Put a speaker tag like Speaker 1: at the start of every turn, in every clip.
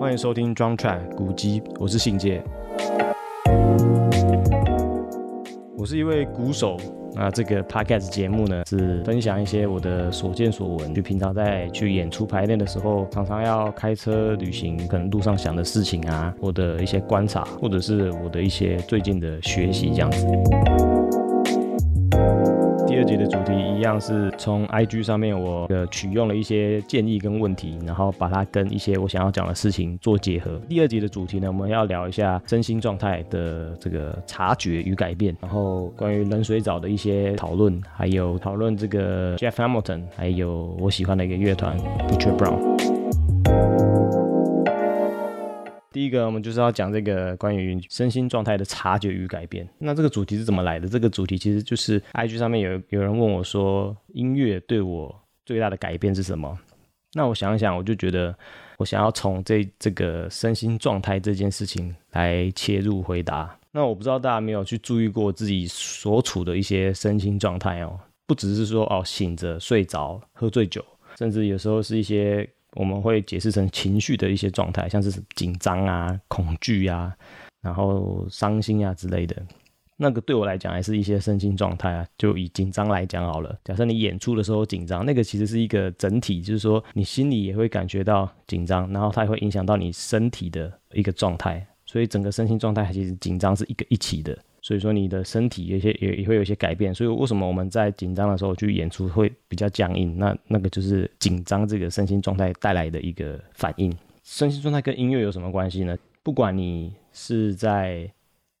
Speaker 1: 歡迎收聽 Drum Track 古籍，我是信介。我是一位鼓手，那這個 Podcast 節目呢，是分享一些我的所見所聞，就平常在去演出排練的時候，常常要開車旅行，可能路上想的事情啊，我的一些觀察，或者是我的一些最近的學習這樣子。的主題一樣是從 IG 上面，我取用了一些建議跟問題，然後把它跟一些我想要講的事情做結合。第二集的主題呢，我們要聊一下身心狀態的這個察覺與改變，然後關於冷水澡的一些討論，還有討論這個 Jeff Hamilton，還有我喜歡的一個樂團 Butcher Brown。第一個，我們就是要講這個關於身心狀態的察覺與改變。那這個主題是怎麼來的？這個主題其實就是 IG 上面有有人問我說，音樂對我最大的改變是什麼？那我想一想，我就覺得我想要從這這個身心狀態這件事情來切入回答。那我不知道大家沒有去注意過自己所處的一些身心狀態哦，不只是說哦醒着、睡着，喝醉酒，甚至有時候是一些。我們會解釋成情緒的一些狀態，像是緊張啊、恐懼啊，然後傷心啊之類的。那個對我來講，還是一些身心狀態啊。就以緊張來講好了，假設你演出的時候緊張，那個其實是一個整體，就是說你心裡也會感覺到緊張，然後它也會影響到你身體的一個狀態，所以整個身心狀態其實緊張是一個一起的。所以說你的身體有些也也會有一些改變，所以為什麼我們在緊張的時候去演出會比較僵硬？那那個就是緊張這個身心狀態帶來的一個反應。身心狀態跟音樂有什麼關係呢？不管你是在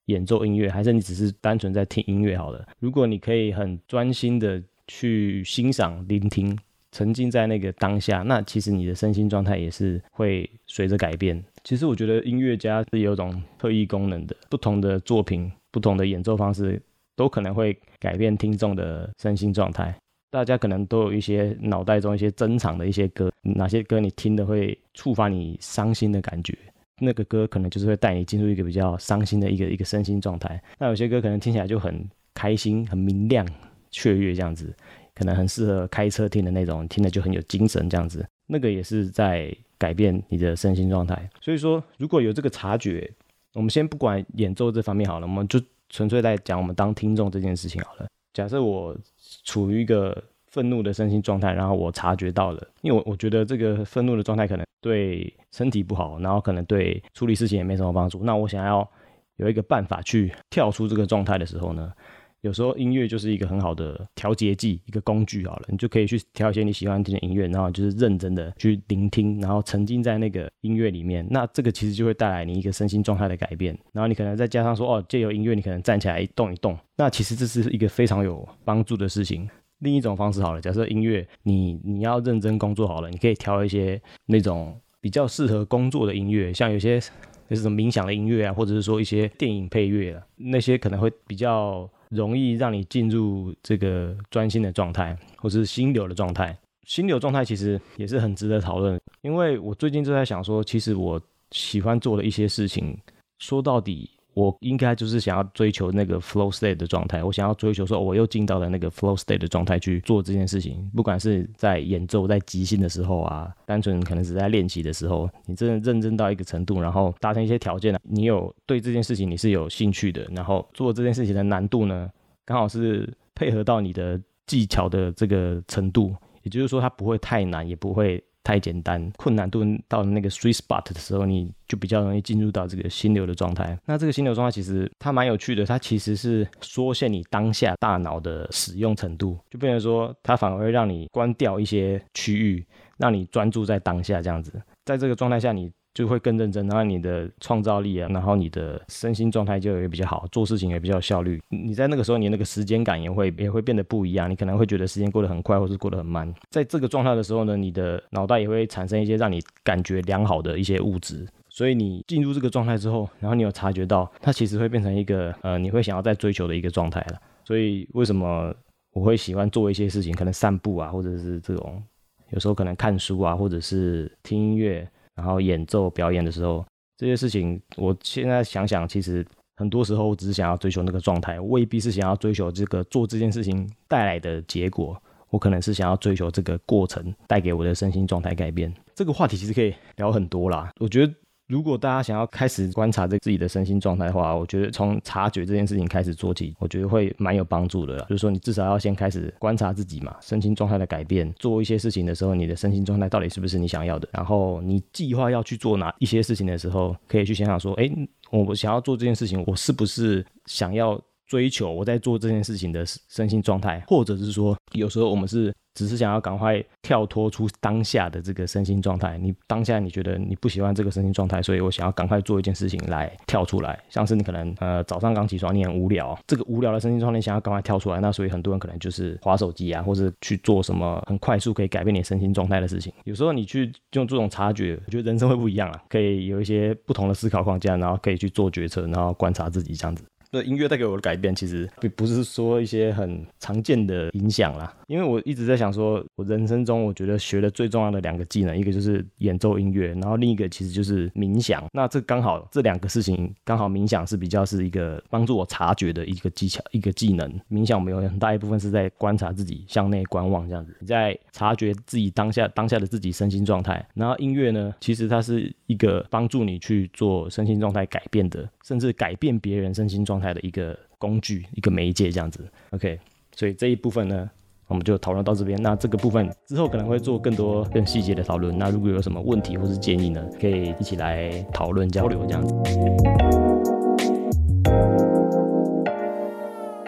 Speaker 1: 演奏音樂，還是你只是單純在聽音樂好了，如果你可以很專心的去欣賞、聆聽，沉浸在那個當下，那其實你的身心狀態也是會隨着改變。其實我覺得音樂家是有一種特異功能的，不同的作品、不同的演奏方式都可能會改變聽眾的身心狀態。大家可能都有一些腦袋中一些珍藏的一些歌，哪些歌你聽了會觸發你傷心的感覺？那個歌可能就是會帶你進入一個比較傷心的一個一個身心狀態。那有些歌可能聽起來就很開心、很明亮、雀躍這樣子，可能很適合開車聽的那種，聽了就很有精神這樣子。那個也是在改變你的身心狀態，所以說如果有這個察覺，我們先不管演奏這方面好了，我們就純粹在講我們當聽眾這件事情好了。假設我處於一個憤怒的身心狀態，然後我察覺到了，因為我覺得這個憤怒的狀態可能對身體不好，然後可能對處理事情也沒什麼幫助。那我想要有一個辦法去跳出這個狀態的時候呢？有時候音樂就是一個很好的調節劑，一個工具好了，你就可以去挑一些你喜歡聽的音樂，然後就是認真的去聆聽，然後沉浸在那個音樂裡面。那這個其實就會帶來你一個身心狀態的改變。然後你可能再加上說，哦，借由音樂，你可能站起來一動一動。那其實這是一個非常有幫助的事情。另一種方式好了，假設音樂，你你要認真工作好了，你可以挑一些那種比較適合工作的音樂，像有些就是什麼冥想的音樂啊，或者是說一些電影配樂啊，那些可能會比較容易讓你進入這個專心的狀態，或是心流的狀態。心流狀態其實也是很值得討論，因為我最近就在想說，其實我喜歡做的一些事情，說到底。我應該就是想要追求那個 flow state 的狀態，我想要追求說，我又進到了那個 flow state 的狀態去做這件事情。不管是在演奏、在即興的時候啊，單純可能只是在練習的時候，你真的認真到一個程度，然後達成一些條件呢，你有對這件事情你是有興趣的，然後做這件事情的難度呢，剛好是配合到你的技巧的這個程度，也就是說它不會太難，也不會。太簡單，困難度到那個 sweet spot 的時候，你就比較容易進入到這個心流的狀態。那這個心流狀態其實它蠻有趣的，它其實是縮限你當下大腦的使用程度，就變成說它反而會讓你關掉一些區域，讓你專注在當下這樣子。在這個狀態下，你就會更認真，然後你的創造力啊，然後你的身心狀態就也比較好，做事情也比較效率。你在那個時候，你那個時間感也會也會變得不一樣。你可能會覺得時間過得很快，或是過得很慢。在這個狀態的時候呢，你的腦袋也會產生一些讓你感覺良好的一些物質。所以你進入這個狀態之後，然後你有察覺到，它其實會變成一個呃，你會想要再追求的一個狀態了。所以為什麼我會喜歡做一些事情，可能散步啊，或者是這種，有時候可能看書啊，或者是聽音樂。然後演奏表演的時候，這些事情，我現在想想，其實很多時候我只是想要追求那個狀態，未必是想要追求這個做這件事情帶來的結果。我可能是想要追求這個過程帶給我的身心狀態改變。這個話題其實可以聊很多啦，我覺得。如果大家想要開始觀察著自己的身心狀態的話，我覺得從察覺這件事情開始做起，我覺得會蠻有幫助的。就是說，你至少要先開始觀察自己嘛，身心狀態的改變。做一些事情的時候，你的身心狀態到底是不是你想要的？然後你計劃要去做哪一些事情的時候，可以去想想說，誒、欸，我想要做這件事情，我是不是想要？追求我在做這件事情的身心狀態，或者是說，有時候我們是只是想要趕快跳脫出當下的這個身心狀態。你當下你覺得你不喜歡這個身心狀態，所以我想要趕快做一件事情來跳出來。像是你可能呃早上剛起床，你很無聊，這個無聊的身心狀態想要趕快跳出來，那所以很多人可能就是滑手機啊，或者去做什麼很快速可以改變你身心狀態的事情。有時候你去用這種察覺，我覺得人生會不一樣啊，可以有一些不同的思考框架，然後可以去做決策，然後觀察自己這樣子。那音樂帶給我的改變，其實並不是說一些很常見的影響啦。因為我一直在想說，我人生中我覺得學的最重要的兩個技能，一個就是演奏音樂，然後另一個其實就是冥想。那這剛好這兩個事情，剛好冥想是比較是一個幫助我察覺的一個技巧、一個技能。冥想我們有很大一部分是在觀察自己，向內觀望這樣子，你在察覺自己當下，當下的自己身心狀態。然後音樂呢，其實它是一個幫助你去做身心狀態改變的，甚至改變別人身心狀態態的一個工具，一個媒介，這樣子。OK，所以這一部分呢，我們就討論到這邊。那這個部分之後可能會做更多更細節的討論。那如果有什麼問題或是建議呢，可以一起來討論交流，這樣子。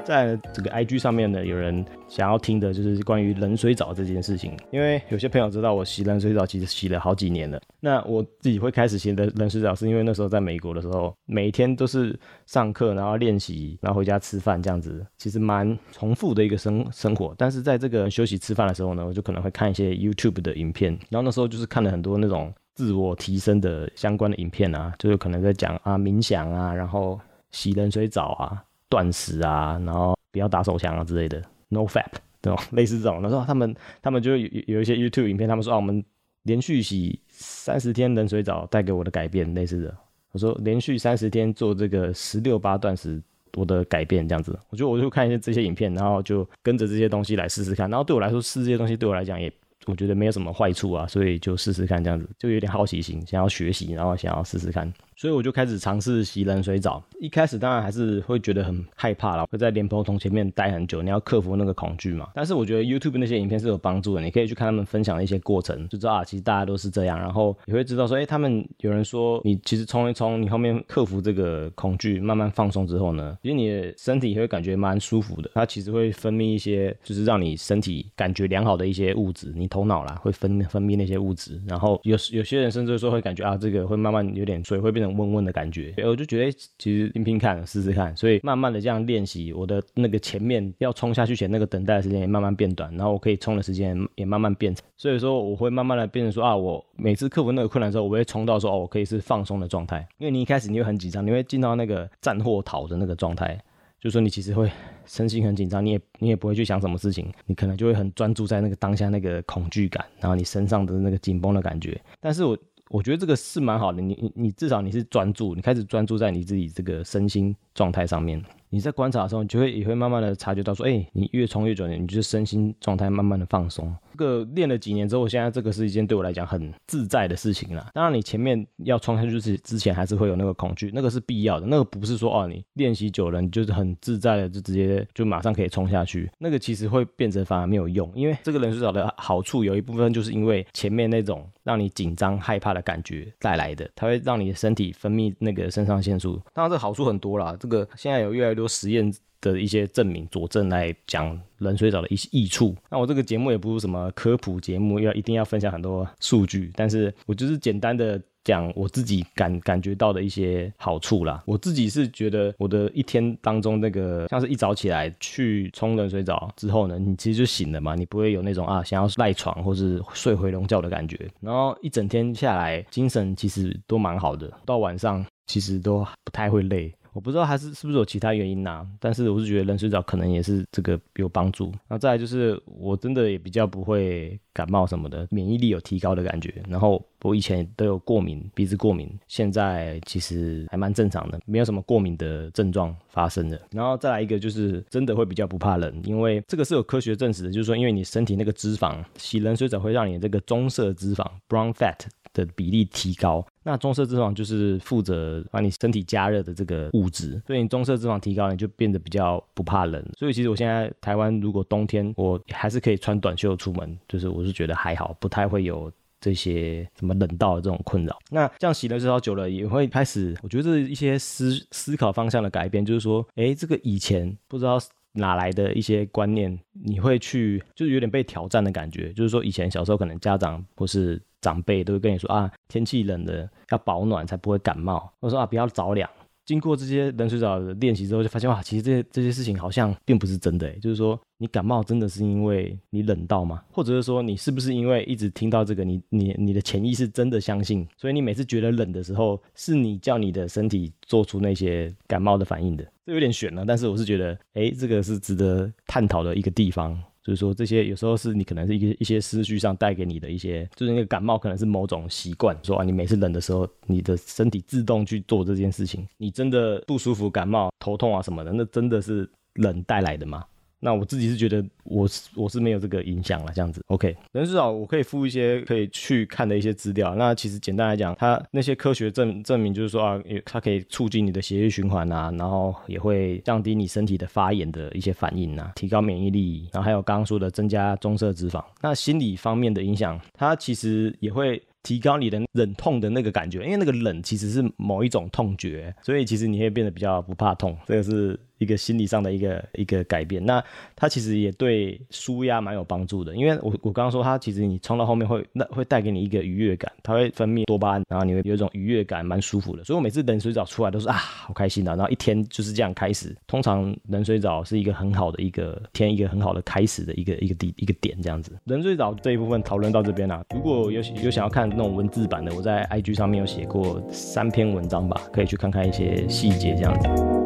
Speaker 1: 在這個 IG 上面呢，有人想要聽的就是關於冷水澡這件事情。因為有些朋友知道我洗冷水澡，其實洗了好幾年了。那我自己會開始洗冷冷水澡，是因為那時候在美國的時候，每天都是上課，然後練習，然後回家吃飯這樣子，其實蠻重複的一個生生活。但是在這個休息吃飯的時候呢，我就可能會看一些 YouTube 的影片，然後那時候就是看了很多那種自我提升的相關的影片啊，就是可能在講啊冥想啊，然後洗冷水澡啊。斷食啊，然後不要打手槍啊之類的，no fap，對吧？類似這種。他說、啊、他們他們就有有一些 YouTube 影片，他們說啊，我們連續洗三十天冷水澡帶給我的改變，類似的。我說連續三十天做這個十六八斷食，我的改變這樣子。我覺得我就看一些這些影片，然後就跟着這些東西來試試看。然後對我來說試這些東西對我來講也我覺得沒有什麼壞處啊，所以就試試看這樣子，就有點好奇心，想要學習，然後想要試試看。所以我就開始嘗試洗冷水澡，一開始當然還是會覺得很害怕啦，會在蓮蓬頭前面待很久。你要克服那個恐懼嘛？但是我覺得 YouTube 那些影片是有幫助的，你可以去看他們分享的一些過程，就知道啊，其實大家都是這樣。然後你會知道說，哎、欸，他們有人說你其實沖一沖，你後面克服這個恐懼，慢慢放鬆之後呢，其實你的身體會感覺蠻舒服的。它其實會分泌一些，就是讓你身體感覺良好的一些物質，你頭腦啦會分分泌那些物質。然後有有些人甚至說會感覺啊，這個會慢慢有點睡會被。溫溫的感覺，我就覺得其實拼拼看，試試看，所以慢慢的這樣練習，我的那個前面要衝下去前那個等待的時間也慢慢變短，然後我可以衝的時間也慢慢變長，所以說我會慢慢的變成說啊，我每次克服那個困難的時候，我會衝到說哦，我可以是放鬆的狀態，因為你一開始你會很緊張，你會進到那個戰或逃的那個狀態，就是說你其實會身心很緊張，你也你也不會去想什麼事情，你可能就會很專注在那個當下那個恐懼感，然後你身上的那個緊繃的感覺，但是我。我覺得這個是蠻好的，你你你至少你是專注，你開始專注在你自己這個身心狀態上面。你在觀察的時候，你就會也會慢慢的察覺到，說，哎、欸，你越沖越久，你就是身心狀態慢慢的放鬆。這個練了幾年之後，現在這個是一件對我來講很自在的事情了。當然，你前面要沖下去，就是之前還是會有那個恐懼，那個是必要的，那個不是說哦，你練習久了，你就是很自在的，就直接就馬上可以沖下去。那個其實會變成反而沒有用，因為這個冷水澡的好處有一部分就是因為前面那種讓你緊張害怕的感覺帶來的，它會讓你的身體分泌那個腎上腺素。當然，這個好處很多啦，這個現在有越來越多，實驗的一些證明佐證來講冷水澡的一些益處。那我這個節目也不是什麼科普節目，要一定要分享很多數據，但是我就是簡單的講我自己感感覺到的一些好處啦。我自己是覺得我的一天當中那個像是一早起來去沖冷水澡之後呢，你其實就醒了嘛，你不會有那種啊想要賴床或是睡回籠覺的感覺。然後一整天下來，精神其實都蠻好的，到晚上其實都不太會累。我不知道還是是不是有其他原因吶、啊，但是我是覺得冷水澡可能也是這個有幫助。那再來就是，我真的也比較不會感冒什麼的，免疫力有提高的感覺。然後我以前都有過敏，鼻子過敏，現在其實還蠻正常的，沒有什麼過敏的症狀發生的。然後再來一個就是，真的會比較不怕冷，因為這個是有科學證實的，就是說因為你身體那個脂肪，洗冷水澡會讓你這個棕色脂肪 （brown fat）。的比例提高，那棕色脂肪就是負責把你身體加熱的這個物質，所以你棕色脂肪提高，你就變得比較不怕冷。所以其實我現在台灣如果冬天，我還是可以穿短袖出門，就是我是覺得還好，不太會有這些什麼冷到的這種困擾。那這樣洗了之後久了，也會開始，我覺得這是一些思思考方向的改變，就是說，誒、欸，這個以前不知道哪來的一些觀念，你會去，就是有點被挑戰的感覺，就是說以前小時候可能家長或是。長輩都會跟你說啊，天氣冷了要保暖，才不會感冒。我說啊，不要着涼。經過這些冷水澡的練習之後，就發現哇，其實這些這些事情好像並不是真的耶。就是說，你感冒真的是因為你冷到嗎？或者是說，你是不是因為一直聽到這個，你你你的潛意識真的相信，所以你每次覺得冷的時候，是你叫你的身體做出那些感冒的反應的？這有點懸了，但是我是覺得，哎，這個是值得探討的一個地方。就是說，這些有時候是你可能是一一些思緒上帶給你的一些，就是那個感冒可能是某種習慣，說啊，你每次冷的時候，你的身體自動去做這件事情，你真的不舒服、感冒、頭痛啊什麼的，那真的是冷帶來的嗎？那我自己是覺得，我是我是沒有這個影響了，這樣子，OK 人。人是至少我可以附一些可以去看的一些資料。那其實簡單來講，它那些科學證證明就是說啊，它可以促進你的血液循環啊，然後也會降低你身體的發炎的一些反應啊，提高免疫力，然後還有剛剛說的增加棕色脂肪。那心理方面的影響，它其實也會提高你的忍痛的那個感覺，因為那個冷其實是某一種痛覺，所以其實你會變得比較不怕痛，這個是。一個心理上的一個一個改變，那它其實也對舒壓蠻有幫助的，因為我我剛剛說它其實你沖到後面會那會帶給你一個愉悅感，它會分泌多巴胺，然後你會有一種愉悅感，蠻舒服的。所以我每次冷水澡出來都是啊好開心的，啊，然後一天就是這樣開始。通常冷水澡是一個很好的一個天一個很好的開始的一個一個點一個點這樣子。冷水澡這一部分討論到這邊啦，啊，如果有有想要看那種文字版的，我在 IG 上面有寫過三篇文章吧，可以去看看一些細節這樣子。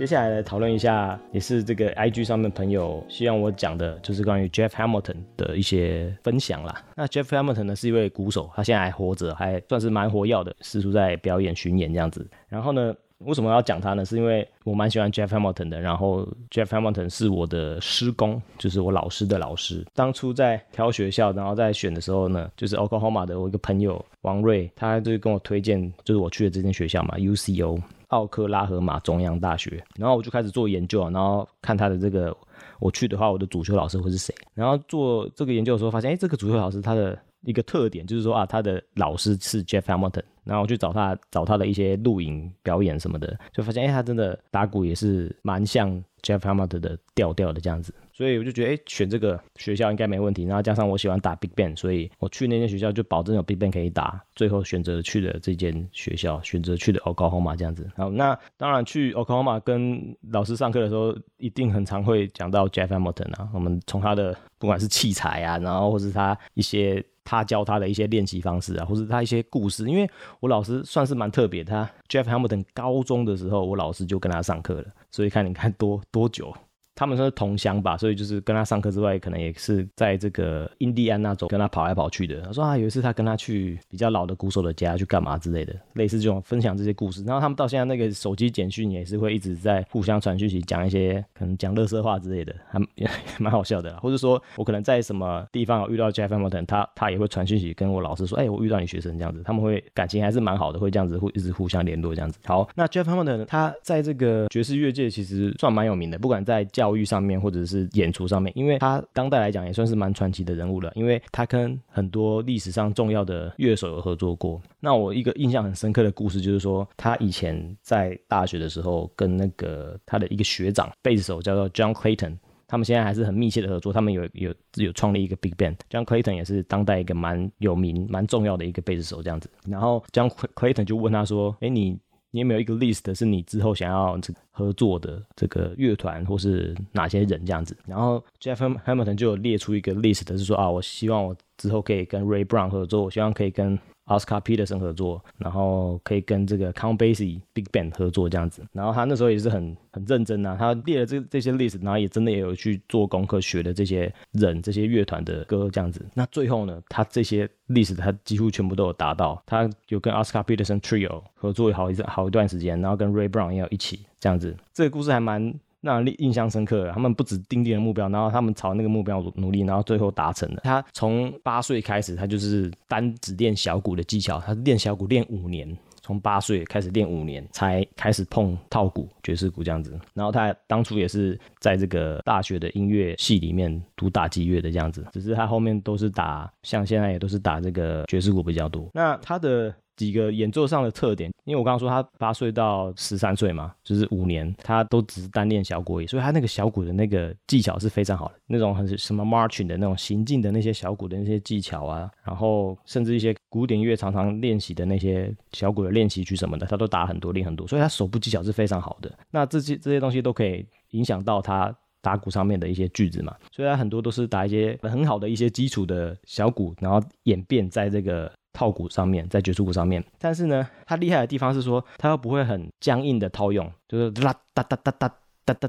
Speaker 1: 接下來來討論一下，也是這個 IG 上面的朋友希望我講的，就是關於 Jeff Hamilton 的一些分享啦。那 Jeff Hamilton 呢是一位鼓手，他現在還活着，還算是蠻活躍的，四處在表演巡演這樣子。然後呢，為什麼要講他呢？是因為我蠻喜歡 Jeff Hamilton 的。然後 Jeff Hamilton 是我的師公，就是我老師的老師。當初在挑學校，然後在選的時候呢，就是 Oklahoma 的我一個朋友王瑞，他就跟我推薦，就是我去的這間學校嘛，UCO。奧克拉荷馬中央大學，然後我就開始做研究啊，然後看他的這個，我去的話，我的主修老師會是誰？然後做這個研究的時候，發現哎、欸，這個主修老師他的。一個特點就是說啊，他的老師是 Jeff Hamilton，然後我去找他，找他的一些錄影表演什麼的，就發現哎、欸，他真的打鼓也是蠻像 Jeff Hamilton 的調調的這樣子，所以我就覺得哎、欸，選這個學校應該沒問題。然後加上我喜歡打 Big Band，所以我去那間學校就保證有 Big Band 可以打。最後選擇去了這間學校，選擇去的 Oklahoma 這樣子。好，那當然去 Oklahoma 跟老師上課的時候，一定很常會講到 Jeff Hamilton 啊。我們從他的不管是器材啊，然後或是他一些。他教他的一些練習方式啊，或者他一些故事，因為我老師算是蠻特別的，他 Jeff Hamilton 高中的時候，我老師就跟他上課了，所以看你看多多久。他們算是同鄉吧，所以就是跟他上課之外，可能也是在這個印第安納州跟他跑來跑去的。他說啊，有一次他跟他去比較老的鼓手的家去幹嘛之類的，類似這種分享這些故事。然後他們到現在那個手機簡訊也是會一直在互相傳訊息，講一些可能講垃圾話之類的，還也也也蠻好笑的啦。或者說，我可能在什麼地方遇到 Jeff Hamilton，他他也會傳訊息跟我老師說，哎，我遇到你學生這樣子。他們會感情還是蠻好的，會這樣子會一直互相聯絡這樣子。好，那 Jeff Hamilton 他在這個爵士樂界其實算蠻有名的，不管在教教育上面，或者是演出上面，因為他當代來講也算是蠻傳奇的人物了，因為他跟很多歷史上重要的樂手有合作過。那我一個印象很深刻的故事就是說，他以前在大學的時候跟那個他的一個學長貝斯 手叫做 John Clayton，他們現在還是很密切的合作，他們有有有，有創立一個 Big Band。John Clayton 也是當代一個蠻有名、蠻重要的一個貝斯手這樣子。然後 John Clayton 就問他說：“哎，你？”你有沒有一個 list 是你之後想要這合作的這個樂團或是哪些人這樣子？然後 Jeff Hamilton 就列出一個 list，是說啊，我希望我。之後可以跟 Ray Brown 合作，希望可以跟 Oscar Peterson 合作，然後可以跟這個 Count Basie Big Band 合作這樣子。然後他那時候也是很很認真啊，他列了這這些 list，然後也真的也有去做功課學的這些人、這些樂團的歌這樣子。那最後呢，他這些 list 他幾乎全部都有達到。他有跟 Oscar Peterson Trio 合作好一陣好一段時間，然後跟 Ray Brown 也有一起這樣子。這個故事還蠻。那印象深刻，他們不止訂定了目標，然後他們朝那個目標努力，然後最後達成了。他從八歲開始，他就是單只練小鼓的技巧，他練小鼓練五年，從八歲開始練五年才開始碰套鼓、爵士鼓這樣子。然後他當初也是在這個大學的音樂系裡面讀打擊樂的這樣子，只是他後面都是打，像現在也都是打這個爵士鼓比較多。那他的。幾個演奏上的特點，因為我剛剛說他八歲到十三歲嘛，就是五年，他都只是單練小鼓而已，所以他那個小鼓的那個技巧是非常好的。那種很什麼 marching 的那種行進的那些小鼓的那些技巧啊，然後甚至一些古典樂常常練習的那些小鼓的練習曲什麼的，他都打很多練很多，所以他手部技巧是非常好的。那這些這些東西都可以影響到他打鼓上面的一些句子嘛，所以他很多都是打一些很好的一些基礎的小鼓，然後演變在這個。套鼓上面，在爵士鼓上面，但是呢，他厲害的地方是說，他又不會很僵硬的套用，就是噠噠噠噠噠噠噠噠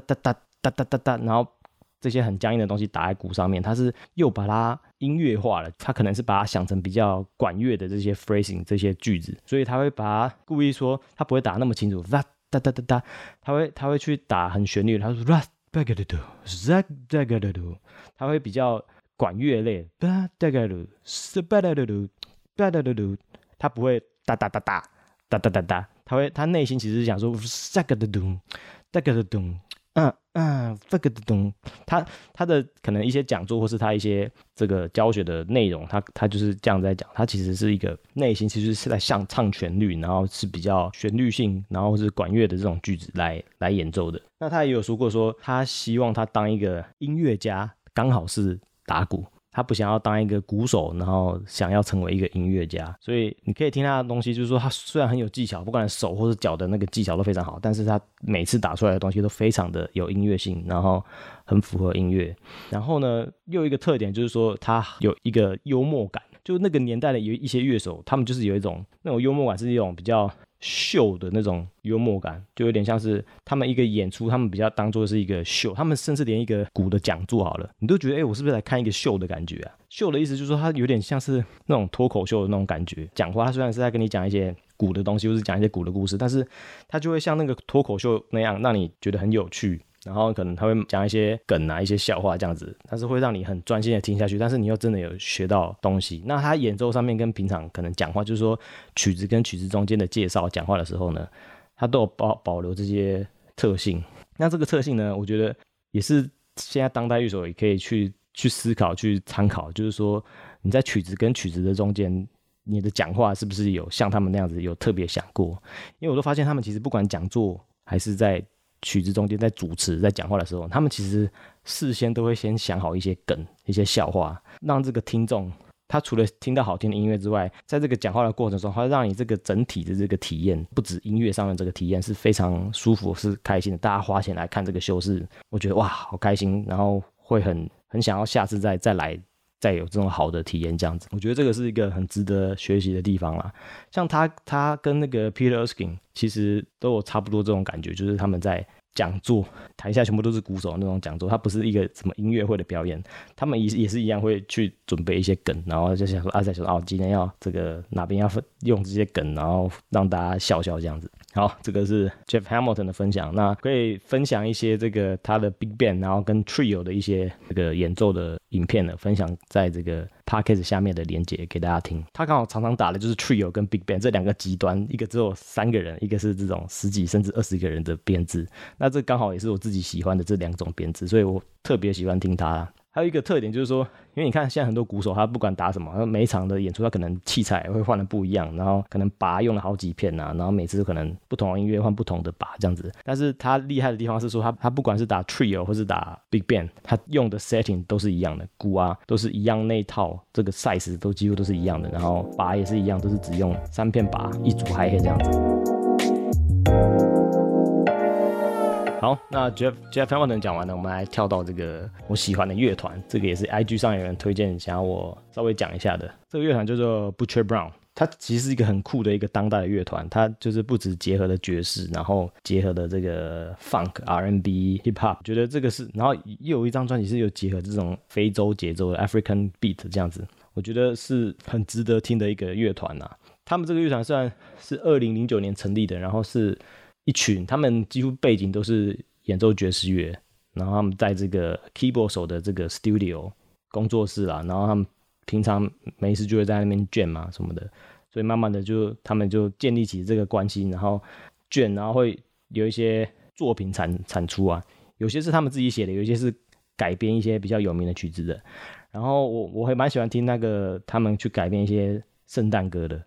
Speaker 1: 噠噠噠噠，然後這些很僵硬的東西打在鼓上面，他是又把它音樂化了。他可能是把它想成比較管樂的這些 phrasing 這些句子，所以他會把它故意說，他不會打那麼清楚，噠噠噠噠噠，他會他會去打很旋律。他說噠噠噠噠噠，他會比較管樂類，噠噠噠噠噠，噠噠噠噠噠。噠噠噠噠，他不會噠噠噠噠噠噠噠噠，他會他內心其實是想說，噠個的咚，噠個的咚，啊啊，噠個的咚。他他的可能一些講座或是他一些這個教學的內容，他他就是這樣在講，他其實是一個內心其實是在像唱旋律，然後是比較旋律性，然後是管樂的這種句子來來演奏的。那他也有說過，說他希望他當一個音樂家，剛好是打鼓。他不想要當一個鼓手，然後想要成為一個音樂家，所以你可以聽他的東西，就是說他雖然很有技巧，不管手或者腳的那個技巧都非常好，但是他每次打出來的東西都非常的有音樂性，然後很符合音樂。然後呢，又一個特點就是說他有一個幽默感，就那個年代的有一些樂手，他們就是有一種那種幽默感，是一種比較秀的那種幽默感，就有點像是他們一個演出，他們比較當做是一個秀，他們甚至連一個鼓的講座好了，你都覺得誒、欸，我是不是來看一個秀的感覺啊？秀的意思就是說，他有點像是那種脫口秀的那種感覺，講話雖然是在跟你講一些鼓的東西，或是講一些鼓的故事，但是他就會像那個脫口秀那樣，讓你覺得很有趣。然後可能他會講一些梗啊，一些笑話這樣子，但是會讓你很專心的聽下去，但是你又真的有學到東西。那他演奏上面跟平常可能講話，就是說曲子跟曲子中間的介紹講話的時候呢，他都有保保留這些特性。那這個特性呢，我覺得也是現在當代樂手也可以去去思考去參考，就是說你在曲子跟曲子的中間，你的講話是不是有像他們那樣子有特別想過？因為我都發現他們其實不管講座還是在。曲子中間在主持在講話的時候，他們其實事先都會先想好一些梗、一些笑話，讓這個聽眾他除了聽到好聽的音樂之外，在這個講話的過程中，他讓你這個整體的這個體驗，不止音樂上的這個體驗是非常舒服、是開心的。大家花錢來看這個秀是。我覺得哇，好開心，然後會很很想要下次再再來。再有這種好的體驗，這樣子，我覺得這個是一個很值得學習的地方啦。像他，他跟那個 Peter Erskine 其實都有差不多這種感覺，就是他們在講座台下全部都是鼓手那種講座，他不是一個什麼音樂會的表演，他們也也是一樣會去準備一些梗，然後就想說在想、啊、說哦，今天要這個哪邊要分用這些梗，然後讓大家笑笑這樣子。好，這個是 Jeff Hamilton 的分享，那可以分享一些這個他的 Big Band，然後跟 Trio 的一些這個演奏的。影片呢，分享在這個 podcast 下面的連接給大家聽。他剛好常常打的就是 trio 跟 big band 這兩個極端，一個只有三個人，一個是這種十幾甚至二十個人的編制。那這剛好也是我自己喜歡的這兩種編制，所以我特別喜歡聽他。還有一個特點就是說，因為你看現在很多鼓手，他不管打什麼，他每一場的演出他可能器材會換的不一樣，然後可能拔用了好幾片吶、啊，然後每次可能不同的音樂換不同的拔。這樣子。但是他厲害的地方是說他，他他不管是打 trio 或是打 big band，他用的 setting 都是一樣的，鼓啊都是一樣那一套，這個 size 都幾乎都是一樣的，然後拔也是一樣，都是只用三片拔一組，還可以這樣子。好，那 Jeff Jeff Hamilton 講完了，我們來跳到這個我喜歡的樂團，這個也是 IG 上有人推薦，想要我稍微講一下的。這個樂團叫做 Butcher Brown，它其實是一個很酷的一個當代的樂團，它就是不止結合了爵士，然後結合的結合了這個 Funk R&B Hip Hop，我覺得這個是，然後又有一張專輯是有結合這種非洲節奏的 African Beat 這樣子，我覺得是很值得聽的一個樂團吶、啊。他們這個樂團雖然是二零零九年成立的，然後是。一群，他們幾乎背景都是演奏爵士樂，然後他們在這個 keyboard 手的這個 studio 工作室啦、啊，然後他們平常沒事就會在那邊 jam 嘛，什麼的，所以慢慢的就他們就建立起這個關係，然後 jam，然後會有一些作品產產出啊，有些是他們自己寫的，有些是改編一些比較有名的曲子的。然後我我還蠻喜歡聽那個他們去改編一些聖誕歌的，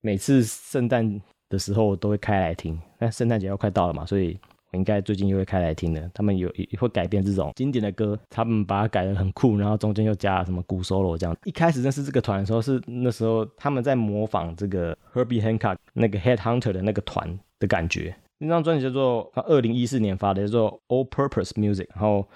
Speaker 1: 每次聖誕。的時候我都會開來聽，那聖誕節要快到了嘛，所以我應該最近又會開來聽的。他們有,有,有會改編這種經典的歌，他們把它改得很酷，然後中間又加了什麼鼓 solo 這樣。一開始認識這個團的時候是那時候他們在模仿這個 Herbie Hancock 那個 Headhunter 的那個團的感覺，那張專輯叫做他二零一四年發的叫、就是、做 All Purpose Music，然後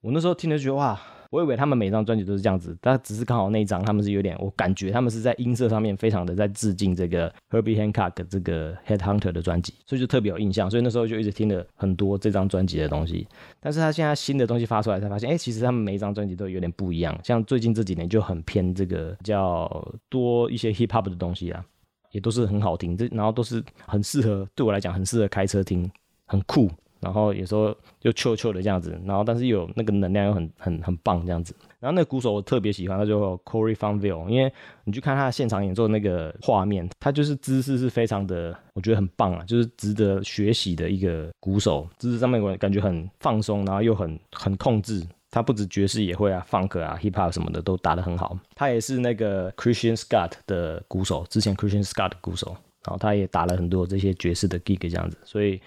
Speaker 1: 我那時候聽了覺得哇。我以為他們每一張專輯都是這樣子，但只是剛好那一張，他們是有點，我感覺他們是在音色上面非常的在致敬這個 Herbie Hancock 這個 Headhunter 的專輯，所以就特別有印象。所以那時候就一直聽了很多這張專輯的東西。但是他現在新的東西發出來，才發現，哎，其實他們每一張專輯都有點不一樣。像最近這幾年就很偏這個比較多一些 Hip Hop 的東西啦，也都是很好聽，這然後都是很適合對我來講，很適合開車聽，很酷。然後有時候就咻咻的這樣子，然後但是有那個能量又很很很棒這樣子。然後那個鼓手我特別喜歡，他就 Corey Fonville。因為你去看他現場演奏那個畫面，他就是姿勢是非常的，我覺得很棒啊，就是值得學習的一個鼓手。姿勢上面我感覺很放鬆，然後又很很控制。他不止爵士也會啊，funk 啊，啊，hip hop 什麼的都打得很好。他也是那個 Christian Scott 的鼓手，之前 Christian Scott 的鼓手，然後他也打了很多這些爵士的 gig 這樣子，所以。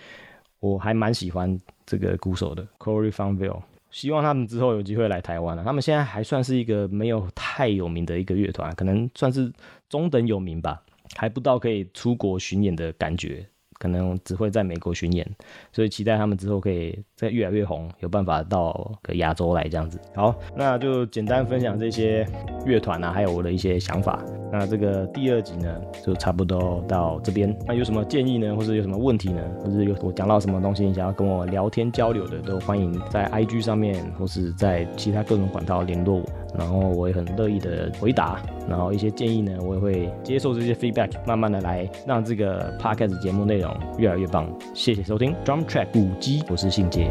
Speaker 1: 我還蠻喜歡這個鼓手的，Corey Fonville。希望他們之後有機會來台灣了，啊。他們現在還算是一個沒有太有名的一個樂團，可能算是中等有名吧，還不到可以出國巡演的感覺。可能只會在美國巡演，所以期待他們之後可以再越來越紅，有辦法到個亞洲來這樣子。好，那就簡單分享這些樂團啊，還有我的一些想法。那這個第二集呢，就差不多到這邊。那有什麼建議呢，或是有什麼問題呢，或是有我講到什麼東西你想要跟我聊天交流的，都歡迎在 IG 上面或是在其他各種管道聯絡我。然後我也很樂意的回答，然後一些建議呢，我也會接受這些 feedback，慢慢的來讓這個 podcast 節目內容越來越棒。謝謝收聽 Drum Track 鼓擊，我是信杰。